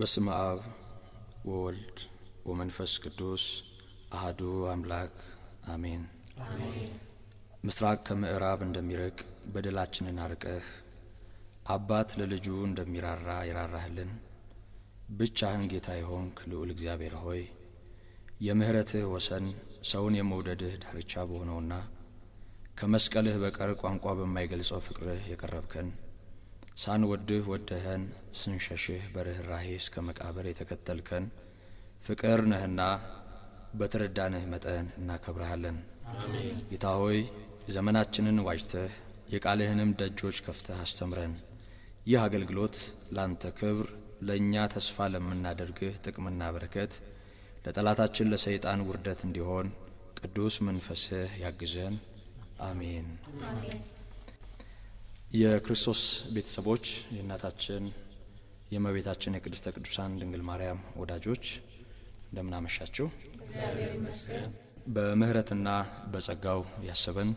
በስም አብ ወወልድ ወመንፈስ ቅዱስ አህዱ አምላክ አሜን። ምስራቅ ከምዕራብ እንደሚርቅ በደላችንን አርቀህ አባት ለልጁ እንደሚራራ ይራራህልን ብቻህን ጌታ የሆንክ ልዑል እግዚአብሔር ሆይ የምህረትህ ወሰን ሰውን የመውደድህ ዳርቻ በሆነውና ከመስቀልህ በቀር ቋንቋ በማይገልጸው ፍቅርህ የቀረብከን ሳንወድህ ወደኸን ስንሸሽህ በርኅራሄ እስከ መቃብር የተከተልከን ፍቅር ነህና በተረዳንህ መጠን እናከብረሃለን። ጌታ ሆይ ዘመናችንን ዋጅተህ የቃልህንም ደጆች ከፍተህ አስተምረን። ይህ አገልግሎት ላንተ ክብር፣ ለእኛ ተስፋ ለምናደርግህ ጥቅምና በረከት፣ ለጠላታችን ለሰይጣን ውርደት እንዲሆን ቅዱስ መንፈስህ ያግዘን። አሜን። የክርስቶስ ቤተሰቦች የእናታችን የእመቤታችን የቅድስተ ቅዱሳን ድንግል ማርያም ወዳጆች እንደምናመሻችው በምህረትና በጸጋው ያሰበን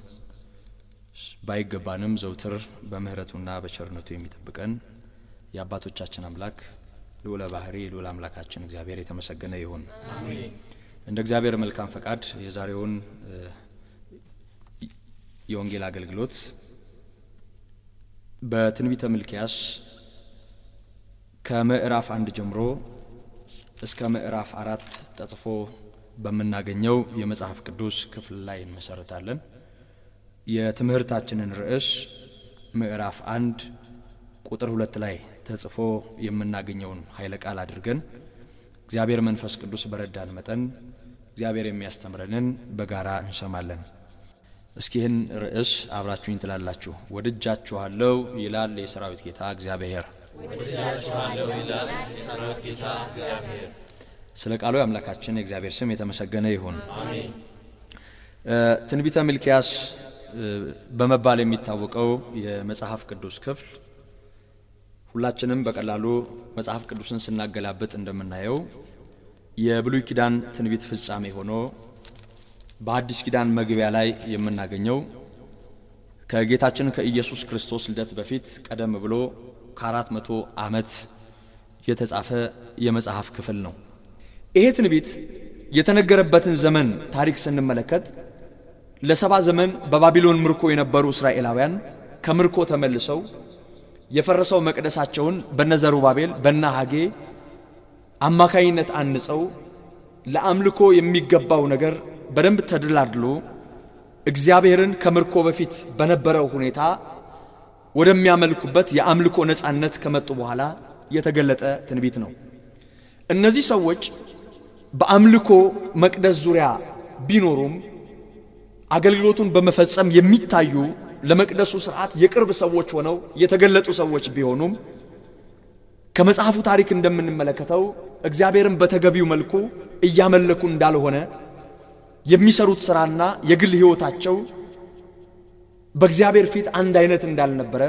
ባይገባንም ዘውትር በምህረቱና በቸርነቱ የሚጠብቀን የአባቶቻችን አምላክ ልዑለ ባህሪ ልዑል አምላካችን እግዚአብሔር የተመሰገነ ይሁን። እንደ እግዚአብሔር መልካም ፈቃድ የዛሬውን የወንጌል አገልግሎት በትንቢተ ምልኪያስ ከምዕራፍ አንድ ጀምሮ እስከ ምዕራፍ አራት ተጽፎ በምናገኘው የመጽሐፍ ቅዱስ ክፍል ላይ እንመሰረታለን የትምህርታችንን ርዕስ ምዕራፍ አንድ ቁጥር ሁለት ላይ ተጽፎ የምናገኘውን ኃይለ ቃል አድርገን እግዚአብሔር መንፈስ ቅዱስ በረዳን መጠን እግዚአብሔር የሚያስተምረንን በጋራ እንሰማለን። እስኪ ይህን ርዕስ አብራችሁኝ ትላላችሁ። ወድጃችኋለው ይላል የሰራዊት ጌታ እግዚአብሔር። ስለ ቃሉ የአምላካችን የእግዚአብሔር ስም የተመሰገነ ይሁን። ትንቢተ ሚልኪያስ በመባል የሚታወቀው የመጽሐፍ ቅዱስ ክፍል ሁላችንም በቀላሉ መጽሐፍ ቅዱስን ስናገላብጥ እንደምናየው የብሉይ ኪዳን ትንቢት ፍጻሜ ሆኖ በአዲስ ኪዳን መግቢያ ላይ የምናገኘው ከጌታችን ከኢየሱስ ክርስቶስ ልደት በፊት ቀደም ብሎ ከአራት መቶ ዓመት የተጻፈ የመጽሐፍ ክፍል ነው። ይሄ ትንቢት የተነገረበትን ዘመን ታሪክ ስንመለከት ለሰባ ዘመን በባቢሎን ምርኮ የነበሩ እስራኤላውያን ከምርኮ ተመልሰው የፈረሰው መቅደሳቸውን በነዘሩ ባቤል በና ሀጌ አማካኝነት አንጸው ለአምልኮ የሚገባው ነገር በደንብ ተደላድሎ እግዚአብሔርን ከምርኮ በፊት በነበረው ሁኔታ ወደሚያመልኩበት የአምልኮ ነፃነት ከመጡ በኋላ የተገለጠ ትንቢት ነው። እነዚህ ሰዎች በአምልኮ መቅደስ ዙሪያ ቢኖሩም አገልግሎቱን በመፈጸም የሚታዩ ለመቅደሱ ስርዓት የቅርብ ሰዎች ሆነው የተገለጡ ሰዎች ቢሆኑም ከመጽሐፉ ታሪክ እንደምንመለከተው እግዚአብሔርን በተገቢው መልኩ እያመለኩ እንዳልሆነ የሚሰሩት ስራና የግል ህይወታቸው በእግዚአብሔር ፊት አንድ አይነት እንዳልነበረ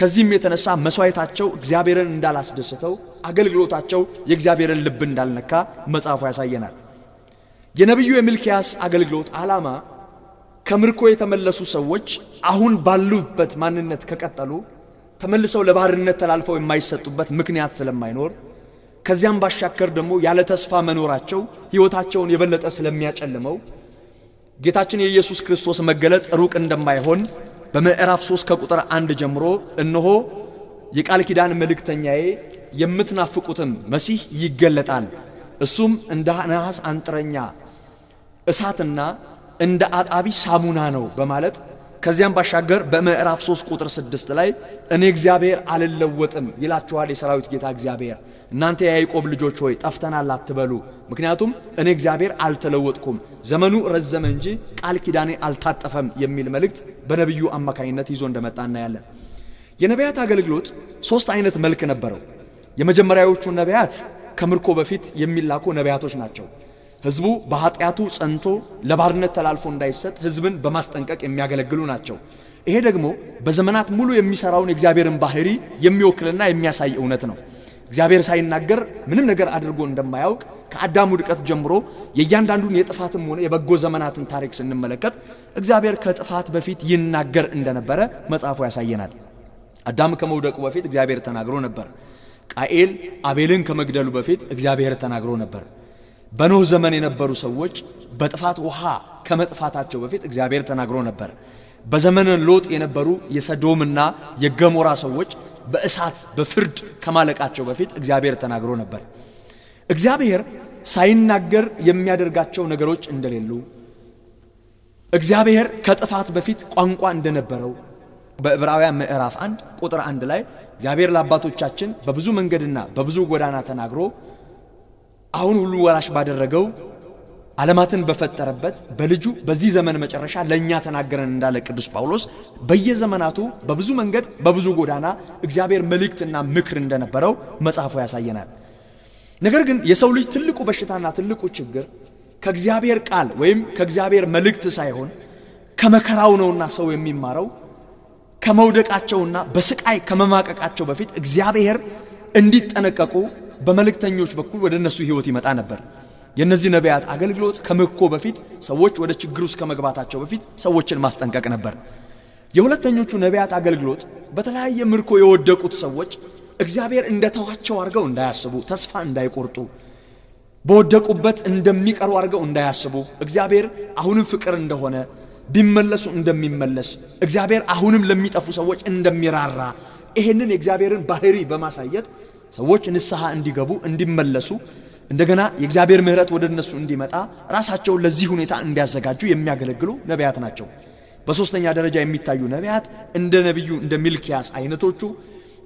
ከዚህም የተነሳ መስዋዕታቸው እግዚአብሔርን እንዳላስደሰተው አገልግሎታቸው የእግዚአብሔርን ልብ እንዳልነካ መጽሐፉ ያሳየናል። የነቢዩ የሚልኪያስ አገልግሎት ዓላማ ከምርኮ የተመለሱ ሰዎች አሁን ባሉበት ማንነት ከቀጠሉ ተመልሰው ለባርነት ተላልፈው የማይሰጡበት ምክንያት ስለማይኖር ከዚያም ባሻገር ደግሞ ያለ ተስፋ መኖራቸው ሕይወታቸውን የበለጠ ስለሚያጨልመው ጌታችን የኢየሱስ ክርስቶስ መገለጥ ሩቅ እንደማይሆን በምዕራፍ 3 ከቁጥር አንድ ጀምሮ እነሆ የቃል ኪዳን መልእክተኛዬ የምትናፍቁትም መሲህ ይገለጣል፣ እሱም እንደ ነሐስ አንጥረኛ እሳትና እንደ አጣቢ ሳሙና ነው በማለት ከዚያም ባሻገር በምዕራፍ 3 ቁጥር 6 ላይ እኔ እግዚአብሔር አልለወጥም ይላችኋል የሰራዊት ጌታ እግዚአብሔር እናንተ የያዕቆብ ልጆች ሆይ ጠፍተናል አትበሉ፣ ምክንያቱም እኔ እግዚአብሔር አልተለወጥኩም፣ ዘመኑ ረዘመ እንጂ ቃል ኪዳኔ አልታጠፈም የሚል መልእክት በነቢዩ አማካኝነት ይዞ እንደመጣ እናያለን። የነቢያት አገልግሎት ሶስት አይነት መልክ ነበረው። የመጀመሪያዎቹ ነቢያት ከምርኮ በፊት የሚላኩ ነቢያቶች ናቸው። ህዝቡ በኃጢአቱ ጸንቶ ለባርነት ተላልፎ እንዳይሰጥ ህዝብን በማስጠንቀቅ የሚያገለግሉ ናቸው። ይሄ ደግሞ በዘመናት ሙሉ የሚሰራውን የእግዚአብሔርን ባህሪ የሚወክልና የሚያሳይ እውነት ነው። እግዚአብሔር ሳይናገር ምንም ነገር አድርጎ እንደማያውቅ ከአዳም ውድቀት ጀምሮ የእያንዳንዱን የጥፋትም ሆነ የበጎ ዘመናትን ታሪክ ስንመለከት እግዚአብሔር ከጥፋት በፊት ይናገር እንደነበረ መጽሐፉ ያሳየናል። አዳም ከመውደቁ በፊት እግዚአብሔር ተናግሮ ነበር። ቃኤል አቤልን ከመግደሉ በፊት እግዚአብሔር ተናግሮ ነበር። በኖህ ዘመን የነበሩ ሰዎች በጥፋት ውሃ ከመጥፋታቸው በፊት እግዚአብሔር ተናግሮ ነበር። በዘመነ ሎጥ የነበሩ የሰዶምና የገሞራ ሰዎች በእሳት በፍርድ ከማለቃቸው በፊት እግዚአብሔር ተናግሮ ነበር። እግዚአብሔር ሳይናገር የሚያደርጋቸው ነገሮች እንደሌሉ፣ እግዚአብሔር ከጥፋት በፊት ቋንቋ እንደነበረው በዕብራውያን ምዕራፍ አንድ ቁጥር አንድ ላይ እግዚአብሔር ለአባቶቻችን በብዙ መንገድና በብዙ ጎዳና ተናግሮ አሁን ሁሉ ወራሽ ባደረገው ዓለማትን በፈጠረበት በልጁ በዚህ ዘመን መጨረሻ ለእኛ ተናገረን እንዳለ ቅዱስ ጳውሎስ በየዘመናቱ በብዙ መንገድ በብዙ ጎዳና እግዚአብሔር መልእክትና ምክር እንደነበረው መጽሐፉ ያሳየናል። ነገር ግን የሰው ልጅ ትልቁ በሽታና ትልቁ ችግር ከእግዚአብሔር ቃል ወይም ከእግዚአብሔር መልእክት ሳይሆን ከመከራው ነውና ሰው የሚማረው ከመውደቃቸውና በስቃይ ከመማቀቃቸው በፊት እግዚአብሔር እንዲጠነቀቁ በመልእክተኞች በኩል ወደ እነሱ ሕይወት ይመጣ ነበር። የእነዚህ ነቢያት አገልግሎት ከመኮ በፊት ሰዎች ወደ ችግር ውስጥ ከመግባታቸው በፊት ሰዎችን ማስጠንቀቅ ነበር። የሁለተኞቹ ነቢያት አገልግሎት በተለያየ ምርኮ የወደቁት ሰዎች እግዚአብሔር እንደተዋቸው አድርገው እንዳያስቡ፣ ተስፋ እንዳይቆርጡ፣ በወደቁበት እንደሚቀሩ አድርገው እንዳያስቡ፣ እግዚአብሔር አሁንም ፍቅር እንደሆነ ቢመለሱ እንደሚመለስ፣ እግዚአብሔር አሁንም ለሚጠፉ ሰዎች እንደሚራራ ይህንን የእግዚአብሔርን ባህሪ በማሳየት ሰዎች ንስሐ እንዲገቡ እንዲመለሱ እንደገና የእግዚአብሔር ምህረት ወደ እነሱ እንዲመጣ ራሳቸውን ለዚህ ሁኔታ እንዲያዘጋጁ የሚያገለግሉ ነቢያት ናቸው። በሶስተኛ ደረጃ የሚታዩ ነቢያት እንደ ነቢዩ እንደ ሚልኪያስ አይነቶቹ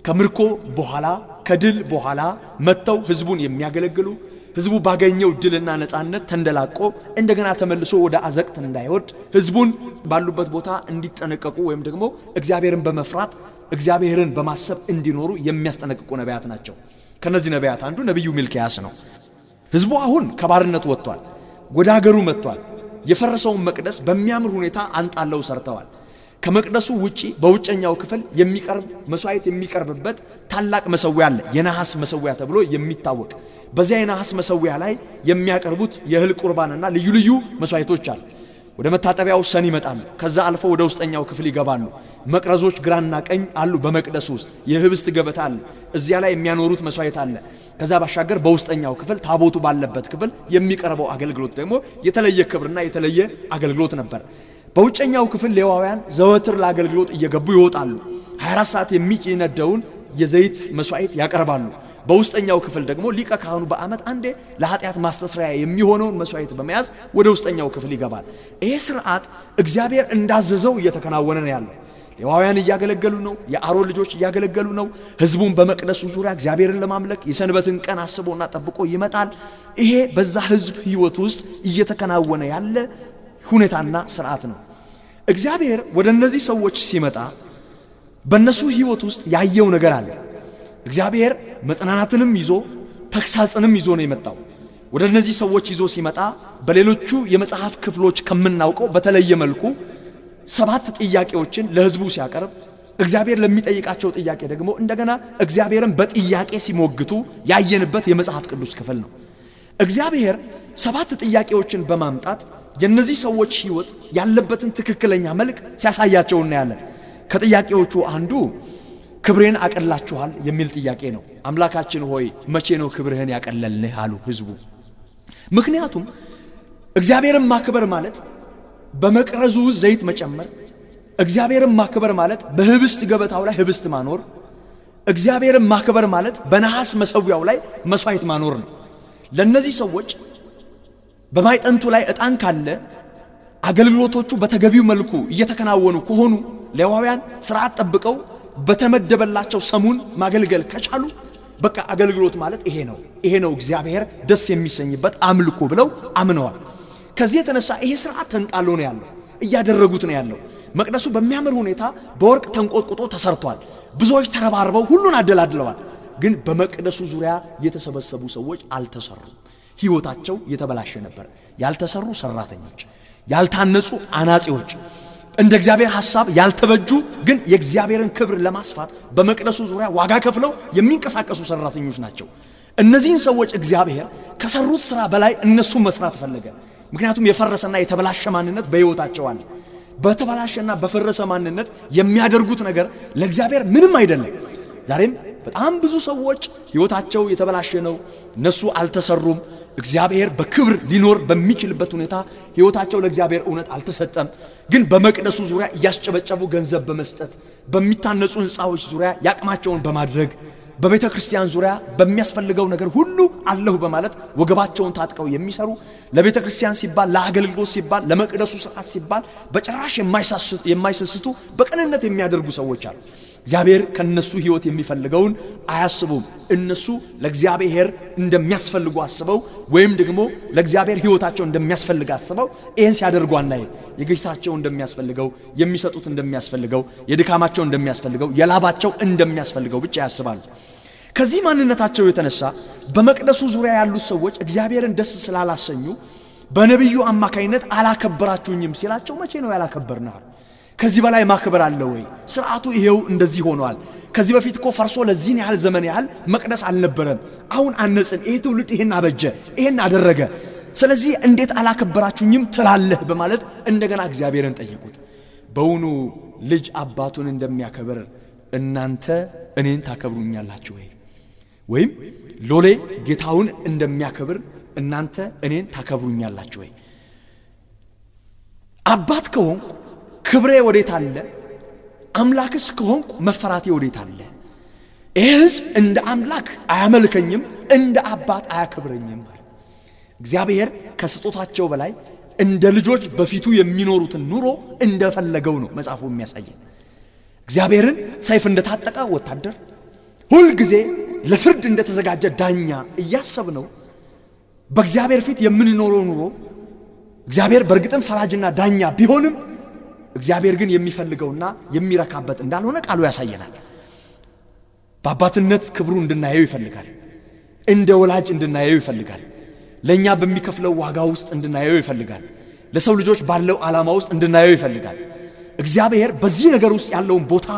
ከምርኮ በኋላ ከድል በኋላ መጥተው ህዝቡን የሚያገለግሉ ህዝቡ ባገኘው ድልና ነፃነት ተንደላቆ እንደገና ተመልሶ ወደ አዘቅት እንዳይወድ ህዝቡን ባሉበት ቦታ እንዲጠነቀቁ ወይም ደግሞ እግዚአብሔርን በመፍራት እግዚአብሔርን በማሰብ እንዲኖሩ የሚያስጠነቅቁ ነቢያት ናቸው። ከነዚህ ነቢያት አንዱ ነቢዩ ሚልኪያስ ነው። ህዝቡ አሁን ከባርነት ወጥቷል፣ ወደ ሀገሩ መጥቷል። የፈረሰውን መቅደስ በሚያምር ሁኔታ አንጣለው ሰርተዋል። ከመቅደሱ ውጪ በውጨኛው ክፍል የሚቀርብ መስዋዕት የሚቀርብበት ታላቅ መሰዊያ አለ። የነሐስ መሰዊያ ተብሎ የሚታወቅ በዚያ የነሐስ መሰዊያ ላይ የሚያቀርቡት የእህል ቁርባንና ልዩ ልዩ መስዋዕቶች አሉ። ወደ መታጠቢያው ሰን ይመጣሉ። ከዛ አልፎ ወደ ውስጠኛው ክፍል ይገባሉ። መቅረዞች ግራና ቀኝ አሉ። በመቅደስ ውስጥ የህብስት ገበታ አለ። እዚያ ላይ የሚያኖሩት መስዋዕት አለ። ከዛ ባሻገር በውስጠኛው ክፍል ታቦቱ ባለበት ክፍል የሚቀርበው አገልግሎት ደግሞ የተለየ ክብርና የተለየ አገልግሎት ነበር። በውጨኛው ክፍል ሌዋውያን ዘወትር ለአገልግሎት እየገቡ ይወጣሉ። 24 ሰዓት የሚነደውን የዘይት መስዋዕት ያቀርባሉ። በውስጠኛው ክፍል ደግሞ ሊቀ ካህኑ በዓመት አንዴ ለኃጢአት ማስተስሪያ የሚሆነውን መስዋዕት በመያዝ ወደ ውስጠኛው ክፍል ይገባል። ይህ ስርዓት እግዚአብሔር እንዳዘዘው እየተከናወነ ነው ያለው። ሌዋውያን እያገለገሉ ነው። የአሮን ልጆች እያገለገሉ ነው። ህዝቡን በመቅደሱ ዙሪያ እግዚአብሔርን ለማምለክ የሰንበትን ቀን አስቦና ጠብቆ ይመጣል። ይሄ በዛ ህዝብ ህይወት ውስጥ እየተከናወነ ያለ ሁኔታና ስርዓት ነው። እግዚአብሔር ወደ እነዚህ ሰዎች ሲመጣ በእነሱ ህይወት ውስጥ ያየው ነገር አለ። እግዚአብሔር መጽናናትንም ይዞ ተግሳጽንም ይዞ ነው የመጣው። ወደ እነዚህ ሰዎች ይዞ ሲመጣ በሌሎቹ የመጽሐፍ ክፍሎች ከምናውቀው በተለየ መልኩ ሰባት ጥያቄዎችን ለሕዝቡ ሲያቀርብ እግዚአብሔር ለሚጠይቃቸው ጥያቄ ደግሞ እንደገና እግዚአብሔርን በጥያቄ ሲሞግቱ ያየንበት የመጽሐፍ ቅዱስ ክፍል ነው። እግዚአብሔር ሰባት ጥያቄዎችን በማምጣት የእነዚህ ሰዎች ሕይወት ያለበትን ትክክለኛ መልክ ሲያሳያቸው እናያለን። ከጥያቄዎቹ አንዱ ክብሬን አቀላችኋል የሚል ጥያቄ ነው። አምላካችን ሆይ መቼ ነው ክብርህን ያቀለልንህ አሉ ህዝቡ። ምክንያቱም እግዚአብሔርን ማክበር ማለት በመቅረዙ ዘይት መጨመር፣ እግዚአብሔርን ማክበር ማለት በህብስት ገበታው ላይ ህብስት ማኖር፣ እግዚአብሔርን ማክበር ማለት በነሐስ መሰዊያው ላይ መስዋዕት ማኖር ነው። ለእነዚህ ሰዎች በማይጠንቱ ላይ ዕጣን ካለ አገልግሎቶቹ በተገቢው መልኩ እየተከናወኑ ከሆኑ ሌዋውያን ስርዓት ጠብቀው በተመደበላቸው ሰሙን ማገልገል ከቻሉ በቃ አገልግሎት ማለት ይሄ ነው፣ ይሄ ነው እግዚአብሔር ደስ የሚሰኝበት አምልኮ ብለው አምነዋል። ከዚህ የተነሳ ይሄ ስርዓት ተንጣሎ ነው ያለው፣ እያደረጉት ነው ያለው። መቅደሱ በሚያምር ሁኔታ በወርቅ ተንቆጥቁጦ ተሰርቷል። ብዙዎች ተረባርበው ሁሉን አደላድለዋል። ግን በመቅደሱ ዙሪያ የተሰበሰቡ ሰዎች አልተሰሩም። ህይወታቸው የተበላሸ ነበር። ያልተሰሩ ሰራተኞች፣ ያልታነጹ አናጺዎች እንደ እግዚአብሔር ሐሳብ ያልተበጁ ግን የእግዚአብሔርን ክብር ለማስፋት በመቅደሱ ዙሪያ ዋጋ ከፍለው የሚንቀሳቀሱ ሰራተኞች ናቸው። እነዚህን ሰዎች እግዚአብሔር ከሰሩት ስራ በላይ እነሱን መስራት ፈለገ። ምክንያቱም የፈረሰና የተበላሸ ማንነት በሕይወታቸው አለ። በተበላሸና በፈረሰ ማንነት የሚያደርጉት ነገር ለእግዚአብሔር ምንም አይደለም። ዛሬም በጣም ብዙ ሰዎች ሕይወታቸው የተበላሸ ነው፣ እነሱ አልተሰሩም እግዚአብሔር በክብር ሊኖር በሚችልበት ሁኔታ ህይወታቸው ለእግዚአብሔር እውነት አልተሰጠም። ግን በመቅደሱ ዙሪያ እያስጨበጨቡ ገንዘብ በመስጠት በሚታነጹ ህንፃዎች ዙሪያ ያቅማቸውን በማድረግ በቤተ ክርስቲያን ዙሪያ በሚያስፈልገው ነገር ሁሉ አለሁ በማለት ወገባቸውን ታጥቀው የሚሰሩ ለቤተ ክርስቲያን ሲባል ለአገልግሎት ሲባል ለመቅደሱ ስርዓት ሲባል በጭራሽ የማይሰስቱ በቅንነት የሚያደርጉ ሰዎች አሉ። እግዚአብሔር ከነሱ ህይወት የሚፈልገውን አያስቡም። እነሱ ለእግዚአብሔር እንደሚያስፈልጉ አስበው ወይም ደግሞ ለእግዚአብሔር ህይወታቸው እንደሚያስፈልግ አስበው ይህን ሲያደርጉ አናይም። የግሽታቸው እንደሚያስፈልገው፣ የሚሰጡት እንደሚያስፈልገው፣ የድካማቸው እንደሚያስፈልገው፣ የላባቸው እንደሚያስፈልገው ብቻ ያስባሉ። ከዚህ ማንነታቸው የተነሳ በመቅደሱ ዙሪያ ያሉት ሰዎች እግዚአብሔርን ደስ ስላላሰኙ በነቢዩ አማካይነት አላከበራችሁኝም ሲላቸው መቼ ነው ያላከበርናል ከዚህ በላይ ማክበር አለ ወይ? ስርዓቱ ይሄው እንደዚህ ሆኗል። ከዚህ በፊት እኮ ፈርሶ ለዚህን ያህል ዘመን ያህል መቅደስ አልነበረም። አሁን አነጽን። ይሄ ትውልድ ይሄን አበጀ፣ ይሄን አደረገ። ስለዚህ እንዴት አላከበራችሁኝም ትላለህ? በማለት እንደገና እግዚአብሔርን ጠየቁት። በውኑ ልጅ አባቱን እንደሚያከብር እናንተ እኔን ታከብሩኛላችሁ ወይ? ወይም ሎሌ ጌታውን እንደሚያከብር እናንተ እኔን ታከብሩኛላችሁ ወይ? አባት ከሆንኩ ክብሬ ወዴት አለ? አምላክስ ከሆንኩ መፈራቴ ወዴት አለ? ይህ ሕዝብ እንደ አምላክ አያመልከኝም፣ እንደ አባት አያከብረኝም። እግዚአብሔር ከስጦታቸው በላይ እንደ ልጆች በፊቱ የሚኖሩትን ኑሮ እንደፈለገው ነው መጽሐፉ የሚያሳየን። እግዚአብሔርን ሰይፍ እንደታጠቀ ወታደር፣ ሁልጊዜ ለፍርድ እንደተዘጋጀ ዳኛ እያሰብ ነው በእግዚአብሔር ፊት የምንኖረው ኑሮ እግዚአብሔር በእርግጥም ፈራጅና ዳኛ ቢሆንም እግዚአብሔር ግን የሚፈልገውና የሚረካበት እንዳልሆነ ቃሉ ያሳየናል። በአባትነት ክብሩ እንድናየው ይፈልጋል። እንደ ወላጅ እንድናየው ይፈልጋል። ለእኛ በሚከፍለው ዋጋ ውስጥ እንድናየው ይፈልጋል። ለሰው ልጆች ባለው ዓላማ ውስጥ እንድናየው ይፈልጋል። እግዚአብሔር በዚህ ነገር ውስጥ ያለውን ቦታ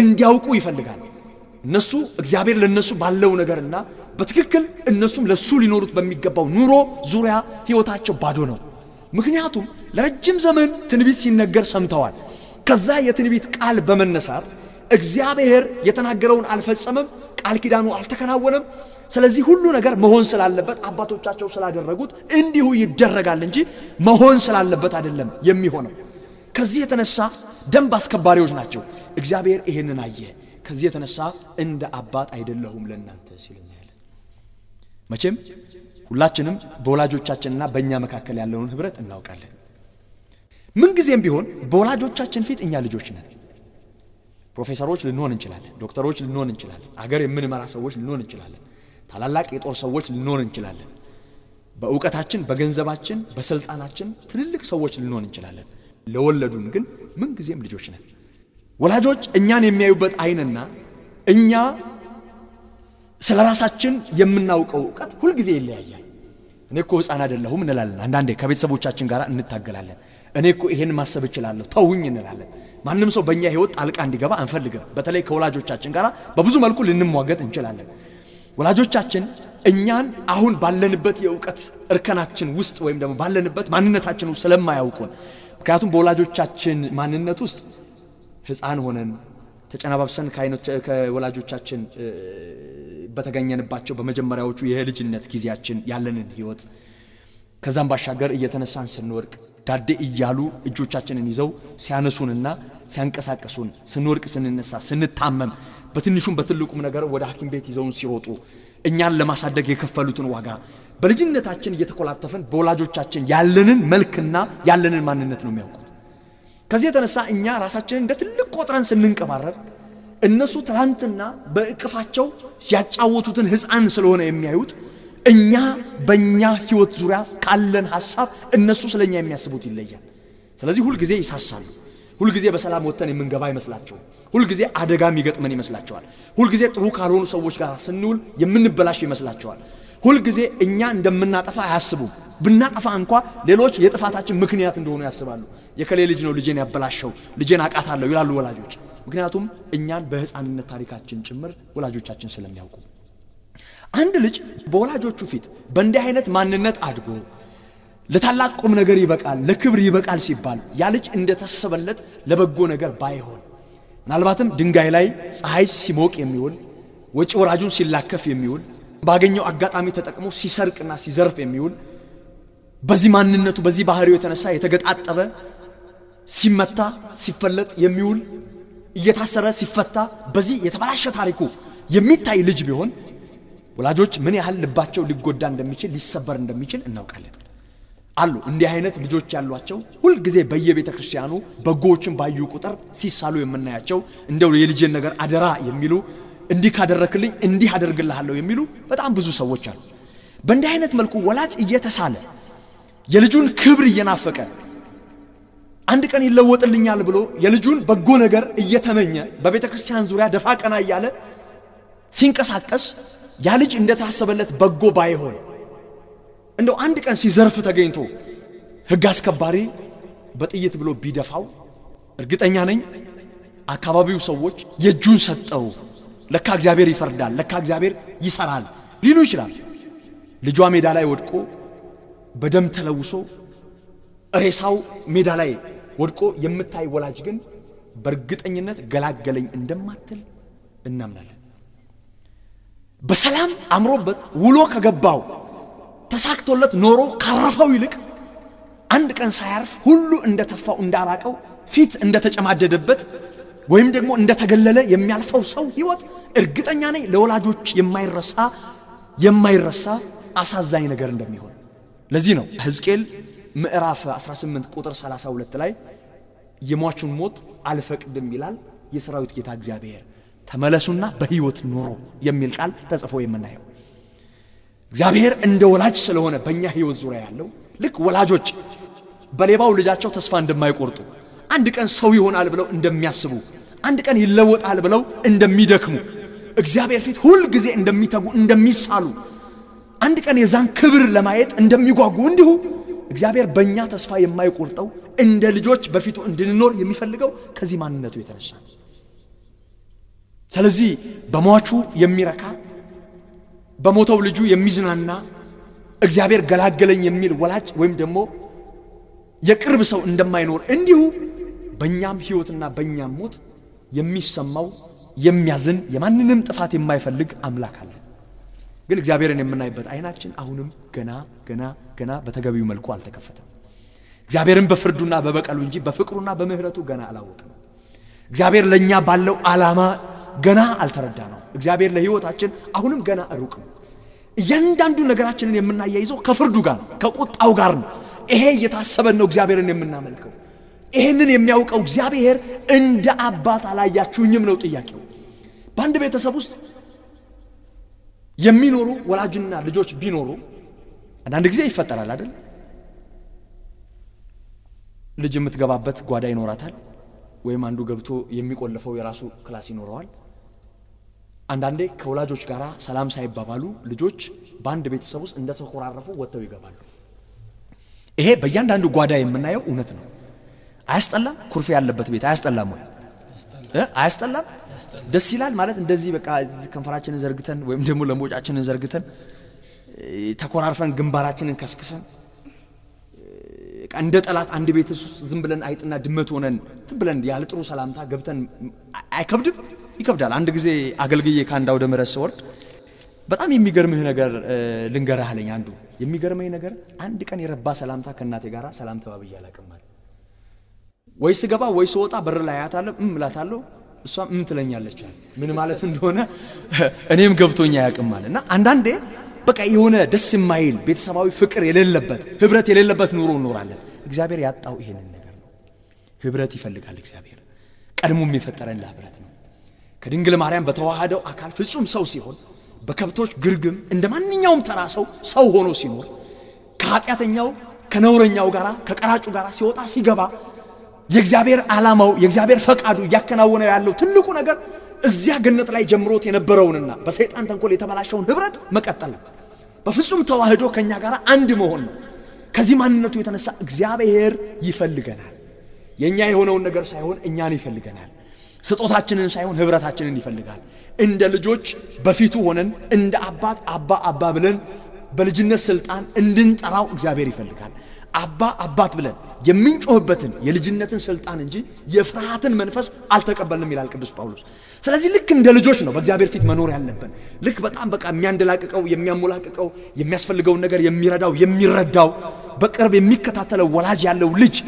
እንዲያውቁ ይፈልጋል። እነሱ እግዚአብሔር ለነሱ ባለው ነገርና በትክክል እነሱም ለሱ ሊኖሩት በሚገባው ኑሮ ዙሪያ ህይወታቸው ባዶ ነው። ምክንያቱም ለረጅም ዘመን ትንቢት ሲነገር ሰምተዋል። ከዛ የትንቢት ቃል በመነሳት እግዚአብሔር የተናገረውን አልፈጸመም፣ ቃል ኪዳኑ አልተከናወነም። ስለዚህ ሁሉ ነገር መሆን ስላለበት አባቶቻቸው ስላደረጉት እንዲሁ ይደረጋል እንጂ መሆን ስላለበት አይደለም የሚሆነው። ከዚህ የተነሳ ደንብ አስከባሪዎች ናቸው። እግዚአብሔር ይሄንን አየ። ከዚህ የተነሳ እንደ አባት አይደለሁም ለእናንተ ሲል እናያለን። መቼም ሁላችንም በወላጆቻችንና በእኛ መካከል ያለውን ኅብረት እናውቃለን። ምንጊዜም ቢሆን በወላጆቻችን ፊት እኛ ልጆች ነን። ፕሮፌሰሮች ልንሆን እንችላለን። ዶክተሮች ልንሆን እንችላለን። አገር የምንመራ ሰዎች ልንሆን እንችላለን። ታላላቅ የጦር ሰዎች ልንሆን እንችላለን። በእውቀታችን፣ በገንዘባችን፣ በስልጣናችን ትልልቅ ሰዎች ልንሆን እንችላለን። ለወለዱን ግን ምንጊዜም ልጆች ነን። ወላጆች እኛን የሚያዩበት አይንና እኛ ስለ ራሳችን የምናውቀው እውቀት ሁልጊዜ ይለያያል። እኔ እኮ ህፃን አደለሁም እንላለን። አንዳንዴ ከቤተሰቦቻችን ጋር እንታገላለን። እኔ እኮ ይሄን ማሰብ እችላለሁ ተውኝ እንላለን። ማንም ሰው በእኛ ህይወት ጣልቃ እንዲገባ አንፈልግም። በተለይ ከወላጆቻችን ጋር በብዙ መልኩ ልንሟገጥ እንችላለን። ወላጆቻችን እኛን አሁን ባለንበት የእውቀት እርከናችን ውስጥ ወይም ደግሞ ባለንበት ማንነታችን ውስጥ ስለማያውቁን፣ ምክንያቱም በወላጆቻችን ማንነት ውስጥ ህፃን ሆነን ተጨናባብሰን ከወላጆቻችን በተገኘንባቸው በመጀመሪያዎቹ የልጅነት ጊዜያችን ያለንን ህይወት ከዛም ባሻገር እየተነሳን ስንወድቅ ዳዴ እያሉ እጆቻችንን ይዘው ሲያነሱንና ሲያንቀሳቀሱን፣ ስንወድቅ፣ ስንነሳ፣ ስንታመም፣ በትንሹም በትልቁም ነገር ወደ ሐኪም ቤት ይዘውን ሲሮጡ እኛን ለማሳደግ የከፈሉትን ዋጋ በልጅነታችን እየተኮላተፍን በወላጆቻችን ያለንን መልክና ያለንን ማንነት ነው የሚያውቁት። ከዚህ የተነሳ እኛ ራሳችንን እንደ ትልቅ ቆጥረን ስንንቀባረር እነሱ ትላንትና በእቅፋቸው ያጫወቱትን ሕፃን ስለሆነ የሚያዩት እኛ በእኛ ህይወት ዙሪያ ካለን ሀሳብ እነሱ ስለ እኛ የሚያስቡት ይለያል። ስለዚህ ሁልጊዜ ይሳሳሉ። ሁልጊዜ በሰላም ወጥተን የምንገባ አይመስላቸውም። ሁልጊዜ አደጋ የሚገጥመን ይመስላቸዋል። ሁልጊዜ ጥሩ ካልሆኑ ሰዎች ጋር ስንውል የምንበላሽ ይመስላቸዋል። ሁልጊዜ እኛ እንደምናጠፋ አያስቡም። ብናጠፋ እንኳ ሌሎች የጥፋታችን ምክንያት እንደሆኑ ያስባሉ። የከሌ ልጅ ነው ልጄን ያበላሸው፣ ልጄን አቃታለሁ ይላሉ ወላጆች። ምክንያቱም እኛን በህፃንነት ታሪካችን ጭምር ወላጆቻችን ስለሚያውቁም አንድ ልጅ በወላጆቹ ፊት በእንዲህ አይነት ማንነት አድጎ ለታላቅ ቁም ነገር ይበቃል፣ ለክብር ይበቃል ሲባል ያ ልጅ እንደተሰበለት ለበጎ ነገር ባይሆን ምናልባትም ድንጋይ ላይ ፀሐይ ሲሞቅ የሚውል ወጪ ወራጁን ሲላከፍ የሚውል ባገኘው አጋጣሚ ተጠቅሞ ሲሰርቅና ሲዘርፍ የሚውል በዚህ ማንነቱ በዚህ ባህሪው የተነሳ የተገጣጠበ ሲመታ ሲፈለጥ የሚውል እየታሰረ ሲፈታ በዚህ የተበላሸ ታሪኩ የሚታይ ልጅ ቢሆን ወላጆች ምን ያህል ልባቸው ሊጎዳ እንደሚችል ሊሰበር እንደሚችል እናውቃለን። አሉ እንዲህ አይነት ልጆች ያሏቸው ሁልጊዜ በየቤተ ክርስቲያኑ በጎዎችን ባዩ ቁጥር ሲሳሉ የምናያቸው እንደው የልጅን ነገር አደራ የሚሉ እንዲህ ካደረክልኝ እንዲህ አደርግልሃለሁ የሚሉ በጣም ብዙ ሰዎች አሉ። በእንዲህ አይነት መልኩ ወላጅ እየተሳለ የልጁን ክብር እየናፈቀ አንድ ቀን ይለወጥልኛል ብሎ የልጁን በጎ ነገር እየተመኘ በቤተ ክርስቲያን ዙሪያ ደፋ ቀና እያለ ሲንቀሳቀስ ያ ልጅ እንደታሰበለት በጎ ባይሆን እንደው አንድ ቀን ሲዘርፍ ተገኝቶ ህግ አስከባሪ በጥይት ብሎ ቢደፋው እርግጠኛ ነኝ አካባቢው ሰዎች የእጁን ሰጠው፣ ለካ እግዚአብሔር ይፈርዳል፣ ለካ እግዚአብሔር ይሰራል ሊሉ ይችላል። ልጇ ሜዳ ላይ ወድቆ በደም ተለውሶ ሬሳው ሜዳ ላይ ወድቆ የምታይ ወላጅ ግን በእርግጠኝነት ገላገለኝ እንደማትል እናምናለን። በሰላም አምሮበት ውሎ ከገባው ተሳክቶለት ኖሮ ካረፈው ይልቅ አንድ ቀን ሳያርፍ ሁሉ እንደተፋው እንዳራቀው ፊት እንደተጨማደደበት ወይም ደግሞ እንደተገለለ የሚያልፈው ሰው ህይወት እርግጠኛ ነኝ ለወላጆች የማይረሳ የማይረሳ አሳዛኝ ነገር እንደሚሆን። ለዚህ ነው ሕዝቅኤል ምዕራፍ 18 ቁጥር 32 ላይ የሟቹን ሞት አልፈቅድም ይላል የሰራዊት ጌታ እግዚአብሔር። ተመለሱና በህይወት ኑሩ የሚል ቃል ተጽፎ የምናየው እግዚአብሔር እንደ ወላጅ ስለሆነ በእኛ ህይወት ዙሪያ ያለው ልክ ወላጆች በሌባው ልጃቸው ተስፋ እንደማይቆርጡ አንድ ቀን ሰው ይሆናል ብለው እንደሚያስቡ አንድ ቀን ይለወጣል ብለው እንደሚደክሙ እግዚአብሔር ፊት ሁል ጊዜ እንደሚተጉ እንደሚሳሉ አንድ ቀን የዛን ክብር ለማየት እንደሚጓጉ እንዲሁ እግዚአብሔር በእኛ ተስፋ የማይቆርጠው እንደ ልጆች በፊቱ እንድንኖር የሚፈልገው ከዚህ ማንነቱ የተነሳ ነው። ስለዚህ በሟቹ የሚረካ በሞተው ልጁ የሚዝናና እግዚአብሔር ገላገለኝ የሚል ወላጅ ወይም ደግሞ የቅርብ ሰው እንደማይኖር እንዲሁ በእኛም ሕይወትና በእኛም ሞት የሚሰማው የሚያዝን የማንንም ጥፋት የማይፈልግ አምላክ አለ። ግን እግዚአብሔርን የምናይበት አይናችን አሁንም ገና ገና ገና በተገቢው መልኩ አልተከፈተም። እግዚአብሔርን በፍርዱና በበቀሉ እንጂ በፍቅሩና በምሕረቱ ገና አላወቅም። እግዚአብሔር ለእኛ ባለው ዓላማ ገና አልተረዳ ነው። እግዚአብሔር ለህይወታችን አሁንም ገና ሩቅ ነው። እያንዳንዱ ነገራችንን የምናያይዘው ከፍርዱ ጋር ነው፣ ከቁጣው ጋር ነው። ይሄ እየታሰበን ነው እግዚአብሔርን የምናመልከው። ይሄንን የሚያውቀው እግዚአብሔር እንደ አባት አላያችሁኝም ነው ጥያቄው። በአንድ ቤተሰብ ውስጥ የሚኖሩ ወላጅና ልጆች ቢኖሩ አንዳንድ ጊዜ ይፈጠራል አይደል? ልጅ የምትገባበት ጓዳ ይኖራታል፣ ወይም አንዱ ገብቶ የሚቆልፈው የራሱ ክላስ ይኖረዋል። አንዳንዴ ከወላጆች ጋር ሰላም ሳይባባሉ ልጆች በአንድ ቤተሰብ ውስጥ እንደተኮራረፉ ወጥተው ይገባሉ። ይሄ በእያንዳንዱ ጓዳ የምናየው እውነት ነው። አያስጠላም? ኩርፌ ያለበት ቤት አያስጠላም ወይ? አያስጠላም? ደስ ይላል ማለት እንደዚህ በቃ ከንፈራችንን ዘርግተን ወይም ደግሞ ለሞጫችንን ዘርግተን ተኮራርፈን ግንባራችንን ከስክሰን በቃ እንደ ጠላት አንድ ቤት ውስጥ ዝም ብለን አይጥና ድመት ሆነን ብለን ያለ ጥሩ ሰላምታ ገብተን አይከብድም? ይከብዳል። አንድ ጊዜ አገልግዬ ከአንድ አውደ ምሕረት ስወርድ በጣም የሚገርምህ ነገር ልንገርህ አለኝ። አንዱ የሚገርመኝ ነገር አንድ ቀን የረባ ሰላምታ ከእናቴ ጋር ሰላም ተባብዬ አላውቅም። ወይ ስገባ ወይ ስወጣ በር ላይ አያታለሁ፣ እም እላታለሁ፣ እሷም እም ትለኛለች። ምን ማለት እንደሆነ እኔም ገብቶኛ ያውቅማል። እና አንዳንዴ በቃ የሆነ ደስ የማይል ቤተሰባዊ ፍቅር የሌለበት ህብረት የሌለበት ኑሮ እኖራለን። እግዚአብሔር ያጣው ይሄንን ነገር ነው። ህብረት ይፈልጋል እግዚአብሔር። ቀድሞም የፈጠረን ለህብረት ነው። ከድንግል ማርያም በተዋሃደው አካል ፍጹም ሰው ሲሆን በከብቶች ግርግም እንደ ማንኛውም ተራ ሰው ሰው ሆኖ ሲኖር ከኃጢአተኛው ከነውረኛው ጋር ከቀራጩ ጋር ሲወጣ ሲገባ የእግዚአብሔር ዓላማው የእግዚአብሔር ፈቃዱ እያከናወነው ያለው ትልቁ ነገር እዚያ ገነት ላይ ጀምሮት የነበረውንና በሰይጣን ተንኮል የተበላሸውን ህብረት መቀጠል ነበር። በፍጹም ተዋህዶ ከእኛ ጋር አንድ መሆን ነው። ከዚህ ማንነቱ የተነሳ እግዚአብሔር ይፈልገናል። የእኛ የሆነውን ነገር ሳይሆን እኛን ይፈልገናል። ስጦታችንን ሳይሆን ህብረታችንን ይፈልጋል። እንደ ልጆች በፊቱ ሆነን እንደ አባት አባ አባ ብለን በልጅነት ስልጣን እንድንጠራው እግዚአብሔር ይፈልጋል። አባ አባት ብለን የምንጮህበትን የልጅነትን ስልጣን እንጂ የፍርሃትን መንፈስ አልተቀበልንም ይላል ቅዱስ ጳውሎስ። ስለዚህ ልክ እንደ ልጆች ነው በእግዚአብሔር ፊት መኖር ያለብን። ልክ በጣም በቃ የሚያንደላቅቀው የሚያሞላቅቀው፣ የሚያስፈልገውን ነገር የሚረዳው የሚረዳው፣ በቅርብ የሚከታተለው ወላጅ ያለው ልጅ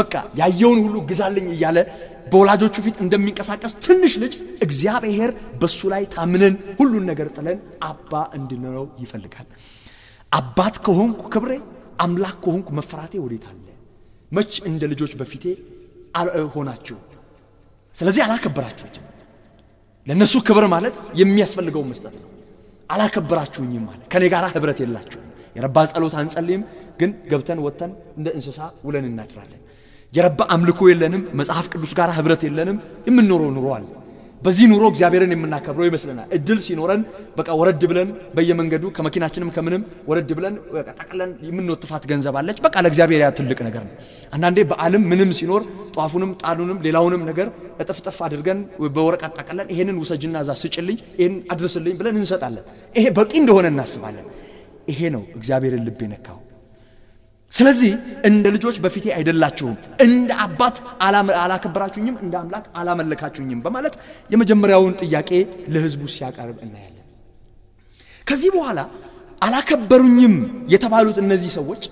በቃ ያየውን ሁሉ ግዛልኝ እያለ በወላጆቹ ፊት እንደሚንቀሳቀስ ትንሽ ልጅ እግዚአብሔር በእሱ ላይ ታምነን ሁሉን ነገር ጥለን አባ እንድንለው ይፈልጋል። አባት ከሆንኩ ክብሬ፣ አምላክ ከሆንኩ መፍራቴ ወዴት አለ? መች እንደ ልጆች በፊቴ ሆናችሁ? ስለዚህ አላከበራችሁኝም። ለእነሱ ክብር ማለት የሚያስፈልገውን መስጠት ነው። አላከበራችሁኝም ማለት ከእኔ ጋር ህብረት የላችሁም። የረባ ጸሎት አንጸልይም፣ ግን ገብተን ወጥተን እንደ እንስሳ ውለን እናድራለን። የረባ አምልኮ የለንም፣ መጽሐፍ ቅዱስ ጋር ህብረት የለንም። የምንኖረው ኑሮ አለ በዚህ ኑሮ እግዚአብሔርን የምናከብረው ይመስለናል። እድል ሲኖረን በቃ ወረድ ብለን በየመንገዱ ከመኪናችንም ከምንም ወረድ ብለን ጠቅለን የምንወጥፋት ገንዘብ አለች። በቃ ለእግዚአብሔር ያ ትልቅ ነገር ነው። አንዳንዴ በዓልም ምንም ሲኖር ጧፉንም፣ ጣሉንም፣ ሌላውንም ነገር እጥፍጥፍ አድርገን በወረቀት ጠቅለን ይሄንን ውሰጅና እዛ ስጭልኝ፣ ይሄን አድርስልኝ ብለን እንሰጣለን። ይሄ በቂ እንደሆነ እናስባለን። ይሄ ነው እግዚአብሔርን ልብ የነካው። ስለዚህ እንደ ልጆች በፊቴ አይደላችሁም፣ እንደ አባት አላከበራችሁኝም፣ እንደ አምላክ አላመለካችሁኝም በማለት የመጀመሪያውን ጥያቄ ለህዝቡ ሲያቀርብ እናያለን። ከዚህ በኋላ አላከበሩኝም የተባሉት እነዚህ ሰዎች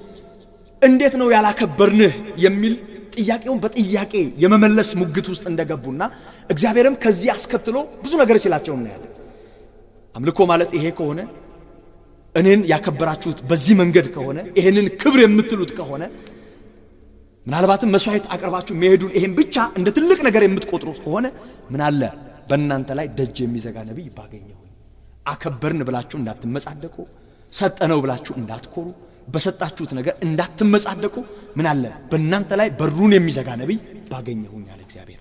እንዴት ነው ያላከበርንህ የሚል ጥያቄውን በጥያቄ የመመለስ ሙግት ውስጥ እንደገቡና እግዚአብሔርም ከዚህ አስከትሎ ብዙ ነገር ሲላቸው እናያለን። አምልኮ ማለት ይሄ ከሆነ እኔን ያከበራችሁት በዚህ መንገድ ከሆነ ይሄንን ክብር የምትሉት ከሆነ ምናልባትም መስዋዕት አቅርባችሁ መሄዱን ይሄን ብቻ እንደ ትልቅ ነገር የምትቆጥሩት ከሆነ ምን አለ በእናንተ ላይ ደጅ የሚዘጋ ነቢይ ባገኘሁ አከበርን ብላችሁ እንዳትመጻደቁ፣ ሰጠነው ብላችሁ እንዳትኮሩ፣ በሰጣችሁት ነገር እንዳትመጻደቁ ምን አለ በእናንተ ላይ በሩን የሚዘጋ ነቢይ ባገኘሁኝ አለ እግዚአብሔር።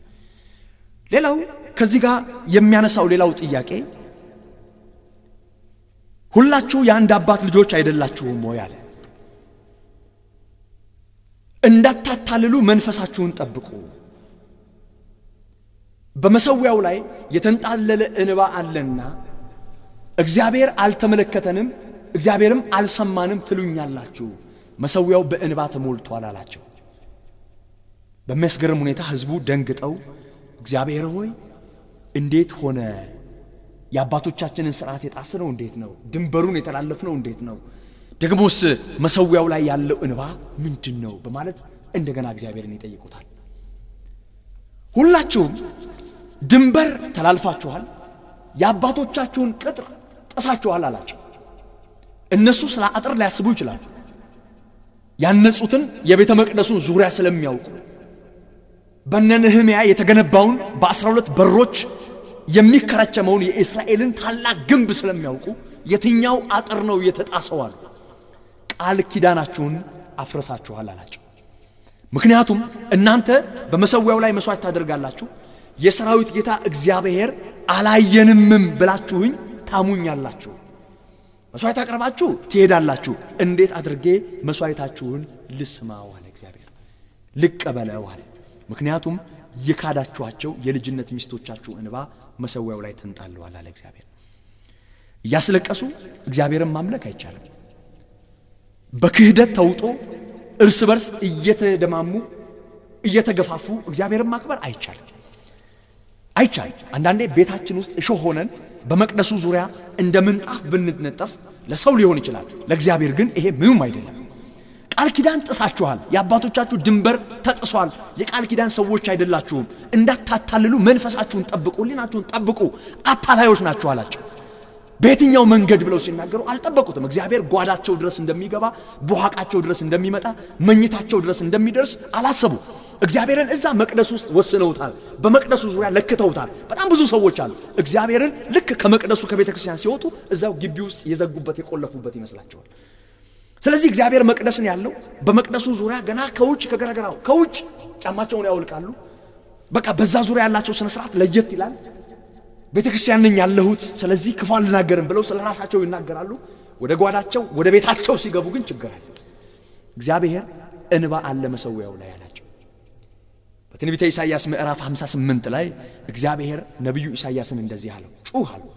ሌላው ከዚህ ጋር የሚያነሳው ሌላው ጥያቄ ሁላችሁ የአንድ አባት ልጆች አይደላችሁም ወይ አለ። እንዳታታልሉ መንፈሳችሁን ጠብቁ። በመሰዊያው ላይ የተንጣለለ እንባ አለና እግዚአብሔር አልተመለከተንም፣ እግዚአብሔርም አልሰማንም ትሉኛላችሁ። መሰዊያው በእንባ ተሞልቷል አላቸው። በሚያስገርም ሁኔታ ሕዝቡ ደንግጠው እግዚአብሔር ሆይ እንዴት ሆነ የአባቶቻችንን ስርዓት ነው እንዴት ነው? ድንበሩን ነው እንዴት ነው? ደግሞስ መሰዊያው ላይ ያለው እንባ ምንድን ነው? በማለት እንደገና እግዚአብሔርን ይጠይቁታል። ሁላችሁም ድንበር ተላልፋችኋል፣ የአባቶቻችሁን ቅጥር ጥሳችኋል አላቸው። እነሱ ስለ አጥር ሊያስቡ ይችላሉ። ያነጹትን የቤተ መቅደሱን ዙሪያ ስለሚያውቁ በነ ነህምያ የተገነባውን በአስራ ሁለት በሮች የሚከረቸመውን የእስራኤልን ታላቅ ግንብ ስለሚያውቁ የትኛው አጥር ነው የተጣሰው አሉ። ቃል ኪዳናችሁን አፍረሳችኋል አላቸው። ምክንያቱም እናንተ በመሰዊያው ላይ መስዋዕት ታደርጋላችሁ፣ የሰራዊት ጌታ እግዚአብሔር አላየንምም ብላችሁኝ ታሙኛላችሁ። መስዋዕት አቅርባችሁ ትሄዳላችሁ። እንዴት አድርጌ መስዋዕታችሁን ልስማው አለ እግዚአብሔር፣ ልቀበለው አለ። ምክንያቱም የካዳችኋቸው የልጅነት ሚስቶቻችሁ እንባ መሰዊያው ላይ ትንጣለዋል አለ እግዚአብሔር። እያስለቀሱ እግዚአብሔርን ማምለክ አይቻልም። በክህደት ተውጦ እርስ በርስ እየተደማሙ እየተገፋፉ እግዚአብሔርን ማክበር አይቻልም አይቻልም። አንዳንዴ ቤታችን ውስጥ እሾ ሆነን በመቅደሱ ዙሪያ እንደ ምንጣፍ ብንነጠፍ ለሰው ሊሆን ይችላል፣ ለእግዚአብሔር ግን ይሄ ምንም አይደለም። ቃል ኪዳን ጥሳችኋል። የአባቶቻችሁ ድንበር ተጥሷል። የቃል ኪዳን ሰዎች አይደላችሁም። እንዳታታልሉ መንፈሳችሁን ጠብቁ፣ ሊናችሁን ጠብቁ። አታላዮች ናችሁ አላቸው። በየትኛው መንገድ ብለው ሲናገሩ አልጠበቁትም። እግዚአብሔር ጓዳቸው ድረስ እንደሚገባ በኋቃቸው ድረስ እንደሚመጣ መኝታቸው ድረስ እንደሚደርስ አላሰቡ። እግዚአብሔርን እዛ መቅደስ ውስጥ ወስነውታል። በመቅደሱ ዙሪያ ለክተውታል። በጣም ብዙ ሰዎች አሉ። እግዚአብሔርን ልክ ከመቅደሱ ከቤተ ክርስቲያን ሲወጡ እዛው ግቢ ውስጥ የዘጉበት የቆለፉበት ይመስላቸዋል። ስለዚህ እግዚአብሔር መቅደስ ያለው። በመቅደሱ ዙሪያ ገና ከውጭ ከገረገራው ከውጭ ጫማቸውን ያወልቃሉ። በቃ በዛ ዙሪያ ያላቸው ስነ ስርዓት ለየት ይላል። ቤተ ክርስቲያን ነኝ ያለሁት ስለዚህ ክፉ አልናገርም ብለው ስለ ራሳቸው ይናገራሉ። ወደ ጓዳቸው ወደ ቤታቸው ሲገቡ ግን ችግር አለ። እግዚአብሔር እንባ አለ መሰዊያው ላይ አላቸው በትንቢተ ኢሳይያስ ምዕራፍ 58 ላይ እግዚአብሔር ነቢዩ ኢሳይያስን እንደዚህ አለው፣ ጩህ አለው፣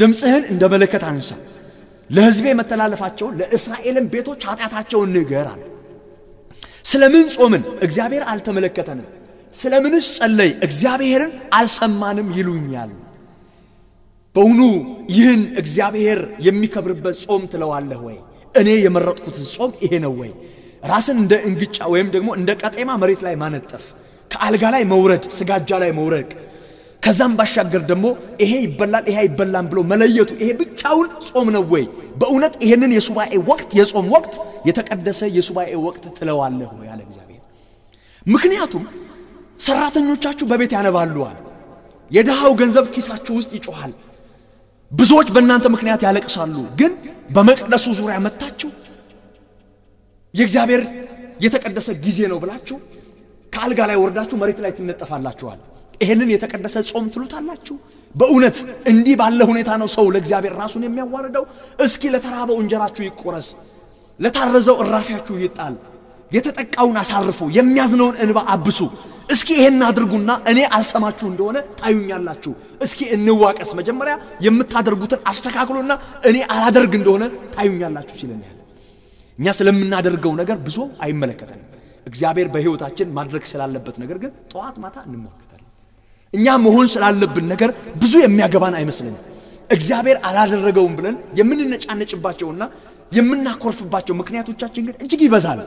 ድምፅህን እንደ መለከት አንሳ ለሕዝቤ መተላለፋቸውን ለእስራኤልም ቤቶች ኃጢአታቸውን ንገር አለ። ስለምን ጾምን? እግዚአብሔር አልተመለከተንም። ስለምንስ ጸለይ? እግዚአብሔርን አልሰማንም ይሉኛል። በውኑ ይህን እግዚአብሔር የሚከብርበት ጾም ትለዋለህ ወይ? እኔ የመረጥኩትን ጾም ይሄ ነው ወይ? ራስን እንደ እንግጫ ወይም ደግሞ እንደ ቀጤማ መሬት ላይ ማነጠፍ፣ ከአልጋ ላይ መውረድ፣ ስጋጃ ላይ መውረቅ ከዛም ባሻገር ደግሞ ይሄ ይበላል፣ ይሄ አይበላም ብሎ መለየቱ ይሄ ብቻውን ጾም ነው ወይ? በእውነት ይሄንን የሱባኤ ወቅት የጾም ወቅት የተቀደሰ የሱባኤ ወቅት ትለዋለህ ያለ እግዚአብሔር። ምክንያቱም ሰራተኞቻችሁ በቤት ያነባሉዋል፣ የድሃው ገንዘብ ኪሳችሁ ውስጥ ይጮኋል ብዙዎች በእናንተ ምክንያት ያለቅሳሉ። ግን በመቅደሱ ዙሪያ መታችሁ የእግዚአብሔር የተቀደሰ ጊዜ ነው ብላችሁ ከአልጋ ላይ ወርዳችሁ መሬት ላይ ትነጠፋላችኋል። ይሄንን የተቀደሰ ጾም ትሉታላችሁ? በእውነት እንዲህ ባለ ሁኔታ ነው ሰው ለእግዚአብሔር ራሱን የሚያዋርደው? እስኪ ለተራበው እንጀራችሁ ይቆረስ፣ ለታረዘው እራፊያችሁ ይጣል፣ የተጠቃውን አሳርፉ፣ የሚያዝነውን እንባ አብሱ። እስኪ ይሄን አድርጉና እኔ አልሰማችሁ እንደሆነ ታዩኛላችሁ። እስኪ እንዋቀስ፣ መጀመሪያ የምታደርጉትን አስተካክሉና እኔ አላደርግ እንደሆነ ታዩኛላችሁ ሲለን ያለ እኛ ስለምናደርገው ነገር ብዙ አይመለከተንም። እግዚአብሔር በሕይወታችን ማድረግ ስላለበት ነገር ግን ጠዋት ማታ እንሞክር። እኛ መሆን ስላለብን ነገር ብዙ የሚያገባን አይመስለንም። እግዚአብሔር አላደረገውም ብለን የምንነጫነጭባቸውና የምናኮርፍባቸው ምክንያቶቻችን ግን እጅግ ይበዛል።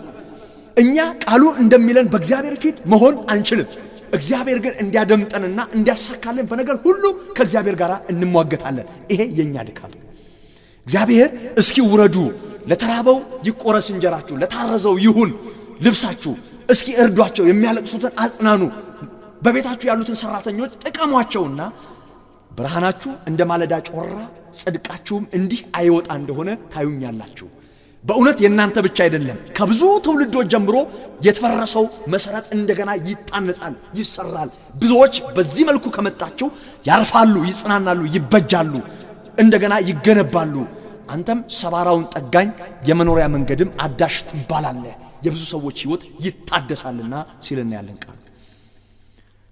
እኛ ቃሉ እንደሚለን በእግዚአብሔር ፊት መሆን አንችልም። እግዚአብሔር ግን እንዲያደምጠንና እንዲያሳካልን በነገር ሁሉ ከእግዚአብሔር ጋር እንሟገታለን። ይሄ የእኛ ድካም። እግዚአብሔር እስኪ ውረዱ፣ ለተራበው ይቆረስ እንጀራችሁ፣ ለታረዘው ይሁን ልብሳችሁ፣ እስኪ እርዷቸው፣ የሚያለቅሱትን አጽናኑ በቤታችሁ ያሉትን ሰራተኞች ጥቀሟቸውና ብርሃናችሁ እንደ ማለዳ ጮራ፣ ጽድቃችሁም እንዲህ አይወጣ እንደሆነ ታዩኛላችሁ። በእውነት የእናንተ ብቻ አይደለም፣ ከብዙ ትውልዶች ጀምሮ የተፈረሰው መሰረት እንደገና ይጣነጻል፣ ይሰራል። ብዙዎች በዚህ መልኩ ከመጣችሁ ያርፋሉ፣ ይጽናናሉ፣ ይበጃሉ፣ እንደገና ይገነባሉ። አንተም ሰባራውን ጠጋኝ የመኖሪያ መንገድም አዳሽ ትባላለህ። የብዙ ሰዎች ሕይወት ይታደሳልና ሲልና ያለን ቃል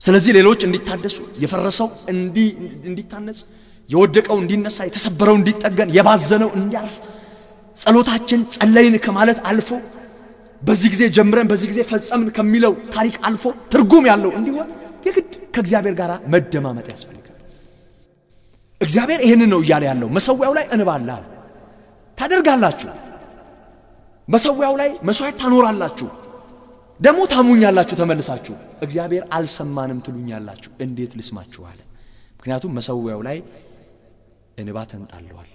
ስለዚህ ሌሎች እንዲታደሱ የፈረሰው እንዲታነጽ የወደቀው እንዲነሳ የተሰበረው እንዲጠገን የባዘነው እንዲያርፍ ጸሎታችን ጸለይን ከማለት አልፎ በዚህ ጊዜ ጀምረን በዚህ ጊዜ ፈጸምን ከሚለው ታሪክ አልፎ ትርጉም ያለው እንዲሆን የግድ ከእግዚአብሔር ጋር መደማመጥ ያስፈልጋል። እግዚአብሔር ይህንን ነው እያለ ያለው። መሰዊያው ላይ እንባላል ታደርጋላችሁ፣ መሰዊያው ላይ መስዋዕት ታኖራላችሁ ደግሞ ታሙኛላችሁ ተመልሳችሁ እግዚአብሔር አልሰማንም ትሉኛላችሁ እንዴት ልስማችሁ አለ ምክንያቱም መሰዊያው ላይ እንባ ተንጣለዋል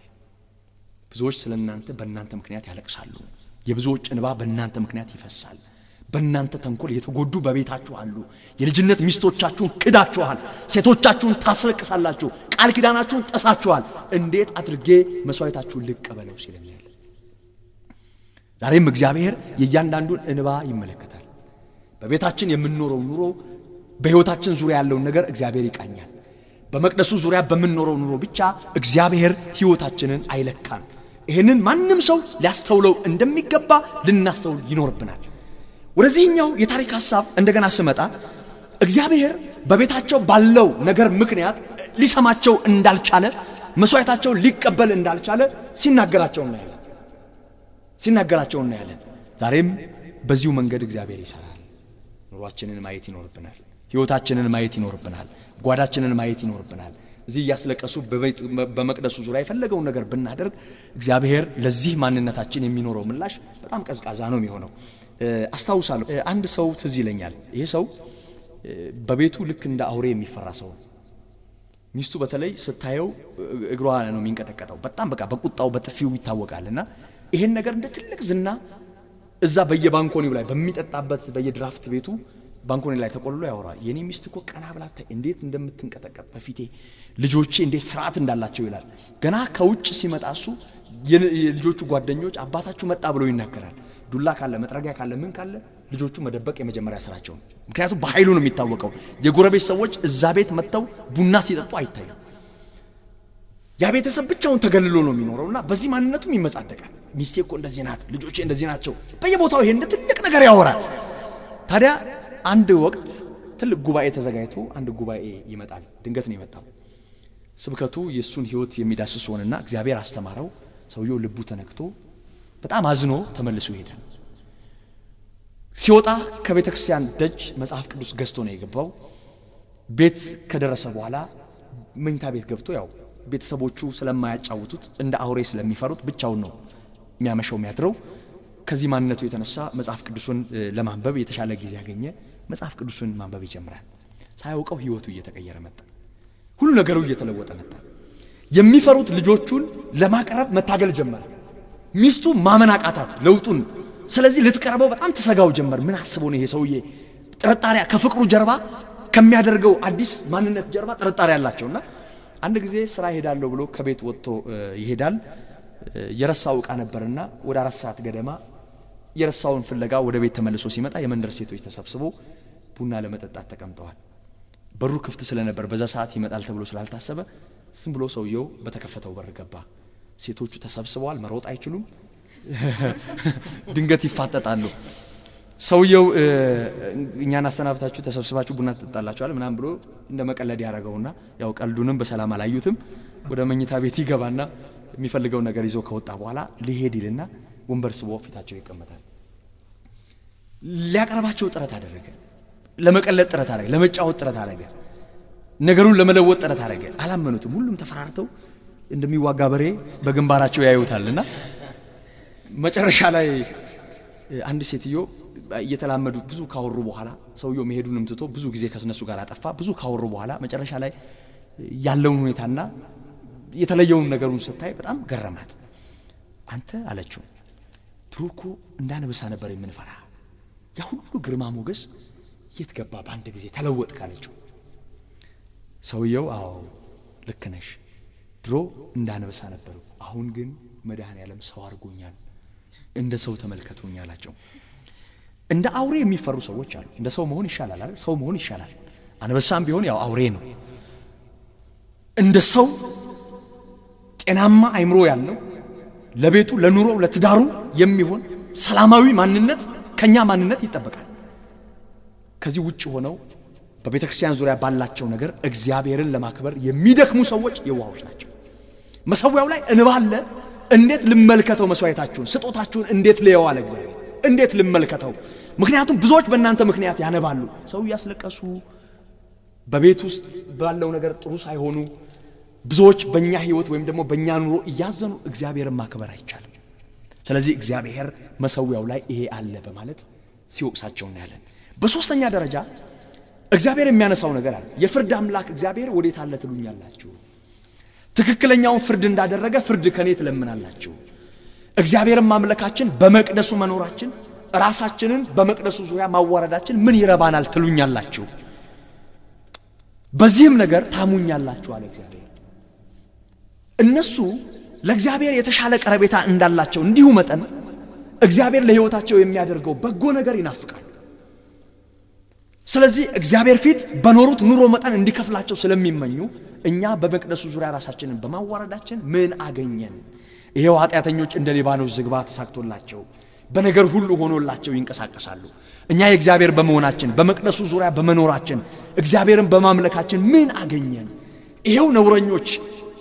ብዙዎች ስለ እናንተ በእናንተ ምክንያት ያለቅሳሉ የብዙዎች እንባ በእናንተ ምክንያት ይፈሳል በእናንተ ተንኮል የተጎዱ በቤታችሁ አሉ የልጅነት ሚስቶቻችሁን ክዳችኋል ሴቶቻችሁን ታስለቅሳላችሁ ቃል ኪዳናችሁን ጠሳችኋል እንዴት አድርጌ መስዋዕታችሁን ልቀበለው ሲለኛል ዛሬም እግዚአብሔር የእያንዳንዱን እንባ ይመለከታል በቤታችን የምንኖረው ኑሮ በሕይወታችን ዙሪያ ያለውን ነገር እግዚአብሔር ይቃኛል። በመቅደሱ ዙሪያ በምንኖረው ኑሮ ብቻ እግዚአብሔር ሕይወታችንን አይለካም። ይህንን ማንም ሰው ሊያስተውለው እንደሚገባ ልናስተውል ይኖርብናል። ወደዚህኛው የታሪክ ሐሳብ እንደገና ስመጣ እግዚአብሔር በቤታቸው ባለው ነገር ምክንያት ሊሰማቸው እንዳልቻለ፣ መሥዋዕታቸው ሊቀበል እንዳልቻለ ሲናገራቸው እናያለን ሲናገራቸው እናያለን። ዛሬም በዚሁ መንገድ እግዚአብሔር ይሠራል። ኑሯችንን ማየት ይኖርብናል። ህይወታችንን ማየት ይኖርብናል። ጓዳችንን ማየት ይኖርብናል። እዚህ እያስለቀሱ በመቅደሱ ዙሪያ የፈለገውን ነገር ብናደርግ እግዚአብሔር ለዚህ ማንነታችን የሚኖረው ምላሽ በጣም ቀዝቃዛ ነው የሚሆነው። አስታውሳለሁ፣ አንድ ሰው ትዝ ይለኛል። ይህ ሰው በቤቱ ልክ እንደ አውሬ የሚፈራ ሰው ሚስቱ በተለይ ስታየው እግሯ ነው የሚንቀጠቀጠው። በጣም በቃ በቁጣው በጥፊው ይታወቃል። እና ይሄን ነገር እንደ ትልቅ ዝና እዛ በየባንኮኒው ላይ በሚጠጣበት በየድራፍት ቤቱ ባንኮኒ ላይ ተቆልሎ ያወራል። የኔ ሚስት እኮ ቀና ብላታ እንዴት እንደምትንቀጠቀጥ በፊቴ ልጆቼ እንዴት ስርዓት እንዳላቸው ይላል። ገና ከውጭ ሲመጣ እሱ የልጆቹ ጓደኞች አባታችሁ መጣ ብሎ ይናገራል። ዱላ ካለ መጥረጊያ ካለ ምን ካለ ልጆቹ መደበቅ የመጀመሪያ ስራቸው። ምክንያቱም በኃይሉ ነው የሚታወቀው። የጎረቤት ሰዎች እዛ ቤት መጥተው ቡና ሲጠጡ አይታዩም። ያ ቤተሰብ ብቻውን ተገልሎ ነው የሚኖረው እና በዚህ ማንነቱም ይመጻደቃል። ሚስቴ እኮ እንደዚህ ናት፣ ልጆቼ እንደዚህ ናቸው፣ በየቦታው ይሄ ትልቅ ነገር ያወራል። ታዲያ አንድ ወቅት ትልቅ ጉባኤ ተዘጋጅቶ አንድ ጉባኤ ይመጣል። ድንገት ነው የመጣው። ስብከቱ የእሱን ህይወት የሚዳስስ ሆንና እግዚአብሔር አስተማረው። ሰውየው ልቡ ተነክቶ በጣም አዝኖ ተመልሶ ይሄዳል። ሲወጣ ከቤተ ክርስቲያን ደጅ መጽሐፍ ቅዱስ ገዝቶ ነው የገባው። ቤት ከደረሰ በኋላ መኝታ ቤት ገብቶ ያው ቤተሰቦቹ ስለማያጫውቱት እንደ አውሬ ስለሚፈሩት ብቻውን ነው የሚያመሸው የሚያድረው ከዚህ ማንነቱ የተነሳ መጽሐፍ ቅዱሱን ለማንበብ የተሻለ ጊዜ ያገኘ መጽሐፍ ቅዱሱን ማንበብ ይጀምራል። ሳያውቀው ህይወቱ እየተቀየረ መጣ። ሁሉ ነገሩ እየተለወጠ መጣ። የሚፈሩት ልጆቹን ለማቅረብ መታገል ጀመረ። ሚስቱ ማመን አቃታት ለውጡን። ስለዚህ ልትቀርበው በጣም ትሰጋው ጀመር። ምን አስበው ነው ይሄ ሰውዬ? ጥርጣሪያ ከፍቅሩ ጀርባ ከሚያደርገው አዲስ ማንነት ጀርባ ጥርጣሬ አላቸውና አንድ ጊዜ ስራ ይሄዳለሁ ብሎ ከቤት ወጥቶ ይሄዳል። የረሳው ዕቃ ነበርና ወደ አራት ሰዓት ገደማ የረሳውን ፍለጋ ወደ ቤት ተመልሶ ሲመጣ የመንደር ሴቶች ተሰብስበው ቡና ለመጠጣት ተቀምጠዋል። በሩ ክፍት ስለነበር በዛ ሰዓት ይመጣል ተብሎ ስላልታሰበ ዝም ብሎ ሰውየው በተከፈተው በር ገባ። ሴቶቹ ተሰብስበዋል፣ መሮጥ አይችሉም፣ ድንገት ይፋጠጣሉ። ሰውየው እኛን አሰናብታችሁ ተሰብስባችሁ ቡና ትጠጣላችኋል ምናም ብሎ እንደ መቀለድ ያደረገውና ያው ቀልዱንም በሰላም አላዩትም። ወደ መኝታ ቤት ይገባና የሚፈልገው ነገር ይዞ ከወጣ በኋላ ሊሄድ ይልና ወንበር ስቦ ፊታቸው ይቀመጣል። ሊያቀርባቸው ጥረት አደረገ። ለመቀለጥ ጥረት አደረገ። ለመጫወት ጥረት አደረገ። ነገሩን ለመለወጥ ጥረት አደረገ። አላመኑትም። ሁሉም ተፈራርተው እንደሚዋጋ በሬ በግንባራቸው ያዩታል እና መጨረሻ ላይ አንድ ሴትዮ እየተላመዱ ብዙ ካወሩ በኋላ ሰውየው መሄዱንም ትቶ ብዙ ጊዜ ከነሱ ጋር አጠፋ። ብዙ ካወሩ በኋላ መጨረሻ ላይ ያለውን ሁኔታና የተለየውን ነገሩን ስታይ በጣም ገረማት። አንተ አለችው ድሮ እኮ እንዳንበሳ ነበር የምንፈራ፣ ያ ሁሉ ግርማ ሞገስ የት ገባ? በአንድ ጊዜ ተለወጥ ካለችው ሰውየው አዎ ልክ ነሽ፣ ድሮ እንዳንበሳ ነበሩ፣ አሁን ግን መድኃኔ ዓለም ሰው አድርጎኛል፣ እንደ ሰው ተመልከቱኛ አላቸው። እንደ አውሬ የሚፈሩ ሰዎች አሉ። እንደ ሰው መሆን ይሻላል አይደል? ሰው መሆን ይሻላል። አንበሳም ቢሆን ያው አውሬ ነው። እንደ ሰው ጤናማ አይምሮ ያለው ለቤቱ ለኑሮ ለትዳሩ የሚሆን ሰላማዊ ማንነት ከኛ ማንነት ይጠበቃል። ከዚህ ውጭ ሆነው በቤተ ክርስቲያን ዙሪያ ባላቸው ነገር እግዚአብሔርን ለማክበር የሚደክሙ ሰዎች የዋሆች ናቸው። መሰዊያው ላይ እንባለ እንዴት ልመልከተው? መስዋዕታችሁን፣ ስጦታችሁን እንዴት ልየው አለ እግዚአብሔር። እንዴት ልመልከተው? ምክንያቱም ብዙዎች በእናንተ ምክንያት ያነባሉ። ሰው እያስለቀሱ በቤት ውስጥ ባለው ነገር ጥሩ ሳይሆኑ ብዙዎች በእኛ ህይወት ወይም ደግሞ በእኛ ኑሮ እያዘኑ እግዚአብሔርን ማክበር አይቻልም። ስለዚህ እግዚአብሔር መሰዊያው ላይ ይሄ አለ በማለት ሲወቅሳቸው እናያለን። በሶስተኛ ደረጃ እግዚአብሔር የሚያነሳው ነገር አለ። የፍርድ አምላክ እግዚአብሔር ወዴት አለ ትሉኛላችሁ? ትክክለኛውን ፍርድ እንዳደረገ ፍርድ ከእኔ ትለምናላችሁ። እግዚአብሔርን ማምለካችን፣ በመቅደሱ መኖራችን፣ ራሳችንን በመቅደሱ ዙሪያ ማዋረዳችን ምን ይረባናል ትሉኛላችሁ። በዚህም ነገር ታሙኛላችሁ አለ እግዚአብሔር። እነሱ ለእግዚአብሔር የተሻለ ቀረቤታ እንዳላቸው እንዲሁ መጠን እግዚአብሔር ለሕይወታቸው የሚያደርገው በጎ ነገር ይናፍቃሉ። ስለዚህ እግዚአብሔር ፊት በኖሩት ኑሮ መጠን እንዲከፍላቸው ስለሚመኙ እኛ በመቅደሱ ዙሪያ ራሳችንን በማዋረዳችን ምን አገኘን? ይሄው ኃጢአተኞች እንደ ሊባኖስ ዝግባ ተሳክቶላቸው በነገር ሁሉ ሆኖላቸው ይንቀሳቀሳሉ። እኛ የእግዚአብሔር በመሆናችን በመቅደሱ ዙሪያ በመኖራችን እግዚአብሔርን በማምለካችን ምን አገኘን? ይሄው ነውረኞች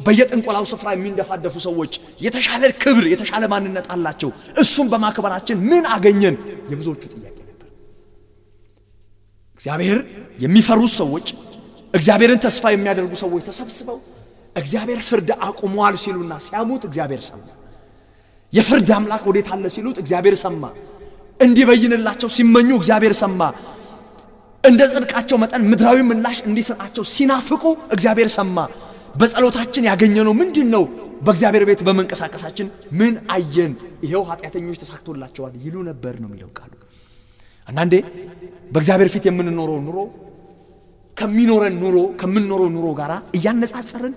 በየጥንቆላው ስፍራ የሚንደፋደፉ ሰዎች የተሻለ ክብር፣ የተሻለ ማንነት አላቸው። እሱም በማክበራችን ምን አገኘን? የብዙዎቹ ጥያቄ ነበር። እግዚአብሔር የሚፈሩት ሰዎች፣ እግዚአብሔርን ተስፋ የሚያደርጉ ሰዎች ተሰብስበው እግዚአብሔር ፍርድ አቁሟል ሲሉና ሲያሙት እግዚአብሔር ሰማ። የፍርድ አምላክ ወዴት አለ ሲሉት እግዚአብሔር ሰማ። እንዲበይንላቸው ሲመኙ እግዚአብሔር ሰማ። እንደ ጽድቃቸው መጠን ምድራዊ ምላሽ እንዲሰጣቸው ሲናፍቁ እግዚአብሔር ሰማ። በጸሎታችን ያገኘነው ምንድን ነው? በእግዚአብሔር ቤት በመንቀሳቀሳችን ምን አየን? ይኸው ኃጢአተኞች ተሳክቶላቸዋል ይሉ ነበር ነው የሚለው ቃሉ። አንዳንዴ በእግዚአብሔር ፊት የምንኖረው ኑሮ ከሚኖረን ኑሮ ከምንኖረው ኑሮ ጋር እያነጻጸርን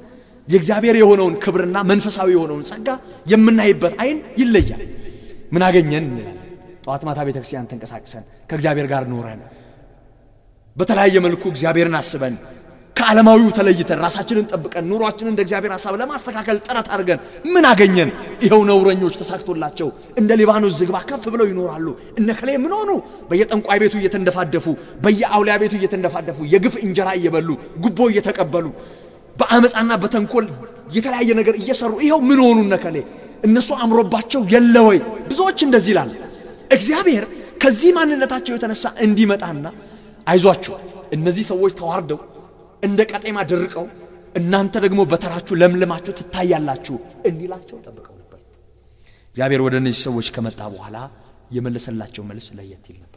የእግዚአብሔር የሆነውን ክብርና መንፈሳዊ የሆነውን ጸጋ የምናይበት አይን ይለያል። ምን አገኘን እንላለን። ጠዋት ማታ ቤተ ክርስቲያን ተንቀሳቅሰን ከእግዚአብሔር ጋር ኖረን በተለያየ መልኩ እግዚአብሔርን አስበን ከዓለማዊው ተለይተን ራሳችንን ጠብቀን ኑሯችንን እንደ እግዚአብሔር ሐሳብ ለማስተካከል ጥረት አድርገን ምን አገኘን? ይኸው ነውረኞች ተሳክቶላቸው እንደ ሊባኖስ ዝግባ ከፍ ብለው ይኖራሉ። እነከሌ ምን ሆኑ? በየጠንቋይ ቤቱ እየተንደፋደፉ፣ በየአውሊያ ቤቱ እየተንደፋደፉ፣ የግፍ እንጀራ እየበሉ፣ ጉቦ እየተቀበሉ፣ በአመፃና በተንኮል የተለያየ ነገር እየሰሩ ይኸው ምን ሆኑ? እነከሌ እነሱ አምሮባቸው የለ ወይ? ብዙዎች እንደዚህ ይላል። እግዚአብሔር ከዚህ ማንነታቸው የተነሳ እንዲመጣና አይዟችሁ እነዚህ ሰዎች ተዋርደው እንደ ቀጤማ ድርቀው እናንተ ደግሞ በተራችሁ ለምልማችሁ ትታያላችሁ እንዲላቸው ጠብቀው ነበር። እግዚአብሔር ወደ እነዚህ ሰዎች ከመጣ በኋላ የመለሰላቸው መልስ ለየት ይል ነበር።